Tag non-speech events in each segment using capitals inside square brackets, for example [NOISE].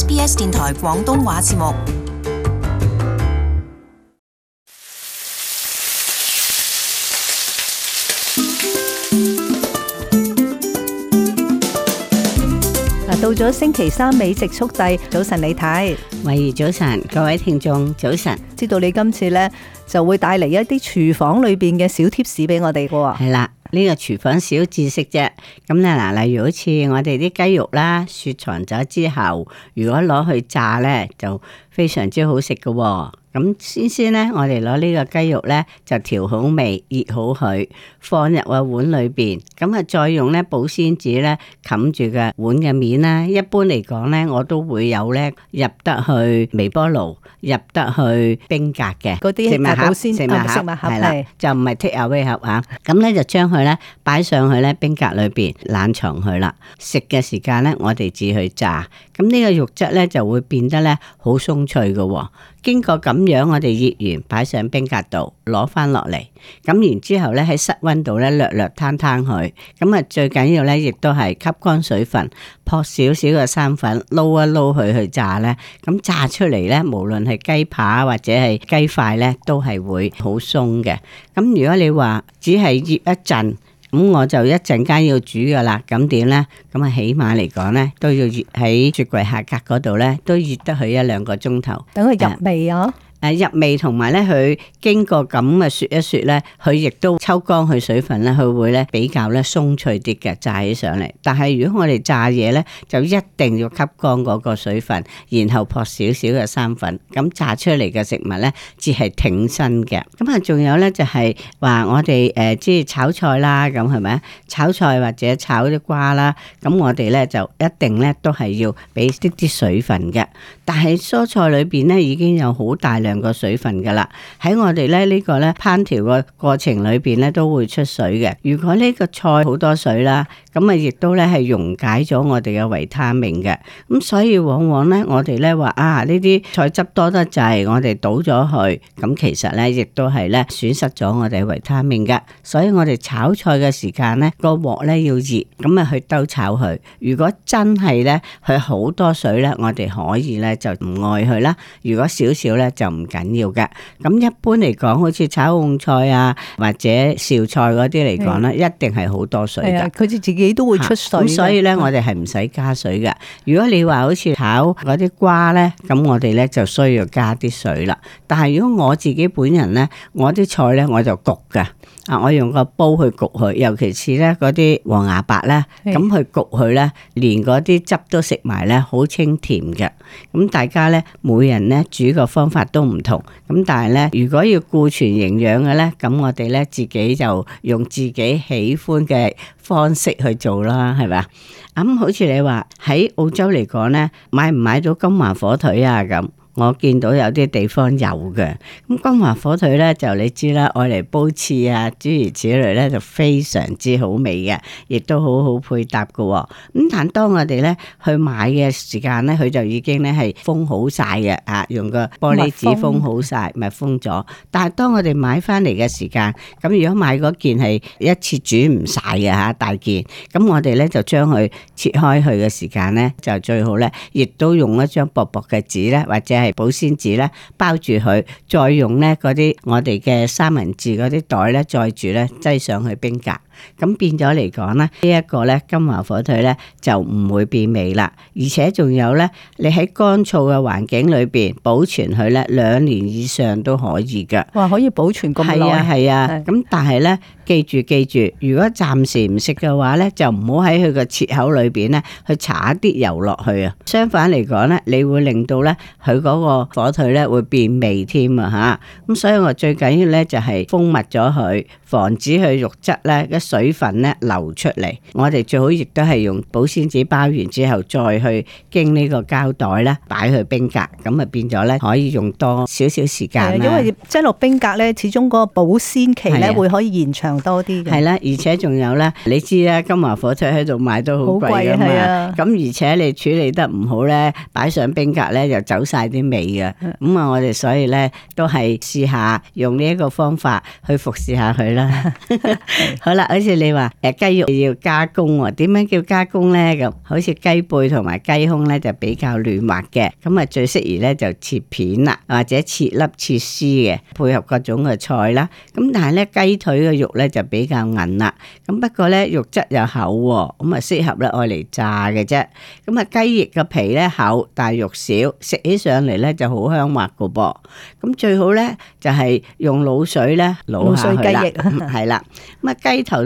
SBS 電台廣東話節目。嗱，到咗星期三美食速遞，早晨你睇，喂，早晨，各位聽眾早晨，知道你今次呢就會帶嚟一啲廚房裏邊嘅小貼士俾我哋噶喎，係啦。呢個廚房小知識啫，咁咧嗱，例如好似我哋啲雞肉啦，雪藏咗之後，如果攞去炸呢，就非常之好食㗎喎。咁先先咧，我哋攞呢個雞肉咧就調好味，醃好佢，放入個碗裏邊。咁啊，再用咧保鮮紙咧冚住個碗嘅面啦。一般嚟講咧，我都會有咧入得去微波爐，入得去冰格嘅。嗰啲食物盒，食物盒係啦，鮮就唔係 take away 盒啊。咁咧的的就將佢咧擺上去咧冰格裏邊冷藏佢啦。食嘅時間咧，我哋只去炸。咁呢個肉質咧就會變得咧好鬆脆嘅。經過咁。樣我哋醃完擺上冰格度，攞翻落嚟，咁然之後咧喺室溫度咧略略攤攤佢，咁啊最緊要咧亦都係吸乾水分，撲少少嘅生粉撈一撈佢去炸咧，咁炸出嚟咧無論係雞扒或者係雞塊咧都係會好鬆嘅。咁如果你話只係醃一陣，咁我就一陣間要煮噶啦，咁點咧？咁啊起碼嚟講咧都要醃喺雪櫃下格嗰度咧，都醃得佢一兩個鐘頭，等佢入味啊！誒入味同埋咧，佢經過咁嘅雪一雪咧，佢亦都抽乾佢水分咧，佢會咧比較咧鬆脆啲嘅炸起上嚟。但係如果我哋炸嘢咧，就一定要吸乾嗰個水分，然後撲少少嘅生粉，咁炸出嚟嘅食物咧，只係挺身嘅。咁啊，仲有咧就係、是、話我哋誒，即、呃、係炒菜啦，咁係咪？炒菜或者炒啲瓜啦，咁我哋咧就一定咧都係要俾啲啲水分嘅。但係蔬菜裏邊咧已經有好大量，兩個水分噶啦，喺我哋咧呢個咧烹調嘅過程裏邊咧都會出水嘅。如果呢個菜好多水啦，咁啊亦都咧係溶解咗我哋嘅維他命嘅。咁所以往往咧我哋咧話啊呢啲菜汁多得滯，我哋倒咗去，咁其實咧亦都係咧損失咗我哋維他命嘅。所以我哋炒菜嘅時間咧個鑊咧要熱，咁啊去兜炒佢。如果真係咧佢好多水咧，我哋可以咧就唔愛佢啦。如果少少咧就唔緊要嘅，咁一般嚟講，好似炒紅菜啊，或者紹菜嗰啲嚟講咧，的一定係好多水噶。佢哋自己都會出水。所以咧，我哋係唔使加水嘅。的如果你話好似炒嗰啲瓜咧，咁我哋咧就需要加啲水啦。但係如果我自己本人咧，我啲菜咧我就焗噶。啊，我用個煲去焗佢，尤其是咧嗰啲黃牙白咧，咁的去焗佢咧，連嗰啲汁都食埋咧，好清甜嘅。咁大家咧，每人咧煮個方法都唔同咁，但係咧，如果要顧存營養嘅咧，咁我哋咧自己就用自己喜歡嘅方式去做啦，係咪？咁好似你話喺澳洲嚟講咧，買唔買到金華火腿啊咁？我見到有啲地方有嘅，咁金華火腿呢，就你知啦，愛嚟煲翅啊，諸如此類呢，就非常之好味嘅，亦都好好配搭嘅。咁但當我哋呢去買嘅時間呢，佢就已經呢係封好晒嘅，啊用個玻璃紙封好晒，咪封咗。但係當我哋買翻嚟嘅時間，咁如果買嗰件係一次煮唔晒嘅嚇大件，咁我哋呢就將佢切開去嘅時間呢，就最好呢，亦都用一張薄薄嘅紙呢，或者係保鮮紙咧包住佢，再用咧嗰啲我哋嘅三文治嗰啲袋咧載住咧，擠上去冰格。咁變咗嚟講咧，呢一個咧金華火腿咧就唔會變味啦，而且仲有咧，你喺乾燥嘅環境裏邊保存佢咧兩年以上都可以㗎。哇，可以保存咁耐？係啊係啊，咁但係咧記住記住，如果暫時唔食嘅話咧，就唔好喺佢個切口裏邊咧去搽啲油落去啊。相反嚟講咧，你會令到咧佢嗰個火腿咧會變味添啊吓。咁所以我最緊要咧就係封密咗佢，防止佢肉質咧一。水分咧流出嚟，我哋最好亦都係用保鮮紙包完之後，再去經呢個膠袋啦，擺去冰格，咁啊變咗咧可以用多少少時間。因為即落冰格咧，始終嗰個保鮮期咧的會可以延長多啲嘅。係啦，而且仲有咧，你知啦，金華火腿喺度買都好貴噶嘛。咁而且你處理得唔好咧，擺上冰格咧又走晒啲味噶。咁啊的，我哋所以咧都係試下用呢一個方法去服侍下佢啦。 [LAUGHS] 好啦。好似你話誒，雞肉要加工喎？點樣叫加工咧？咁好似雞背同埋雞胸咧，就比較嫩滑嘅，咁啊最適宜咧就切片啦，或者切粒切絲嘅，配合各種嘅菜啦。咁但係咧雞腿嘅肉咧就比較硬啦，咁不過咧肉質又厚，咁啊適合咧愛嚟炸嘅啫。咁啊雞翼嘅皮咧厚，但係肉少，食起上嚟咧就好香滑個噃。咁最好咧就係用卤水咧卤水雞翼。係啦。咁啊雞頭。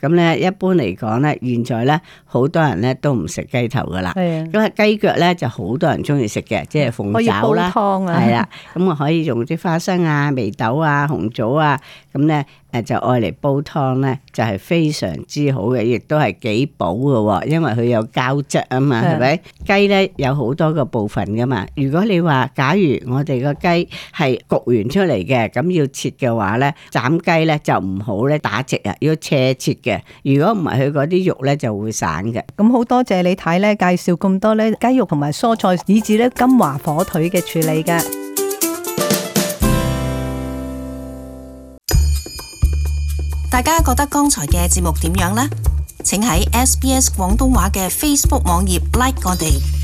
咁咧，一般嚟講咧，現在咧，好多人咧都唔食雞頭噶啦。咁啊的，雞腳咧就好多人中意食嘅，即係鳳爪啦。煲湯啊，係啦。咁我可以用啲花生啊、眉豆啊、紅棗啊，咁咧誒就愛嚟煲湯咧，就係非常之好嘅，亦都係幾補嘅喎。因為佢有膠質啊嘛，係咪的？雞咧有好多個部分噶嘛。如果你話，假如我哋個雞係焗完出嚟嘅，咁要切嘅話咧，斬雞咧就唔好咧打直啊，要斜切。如果唔係，佢嗰啲肉呢就會散嘅。咁好多謝你睇呢介紹咁多呢，雞肉同埋蔬菜，以至呢金華火腿嘅處理㗎。大家覺得剛才嘅節目點樣呢？請喺 SBS 廣東話嘅 Facebook 網頁 Like 我哋。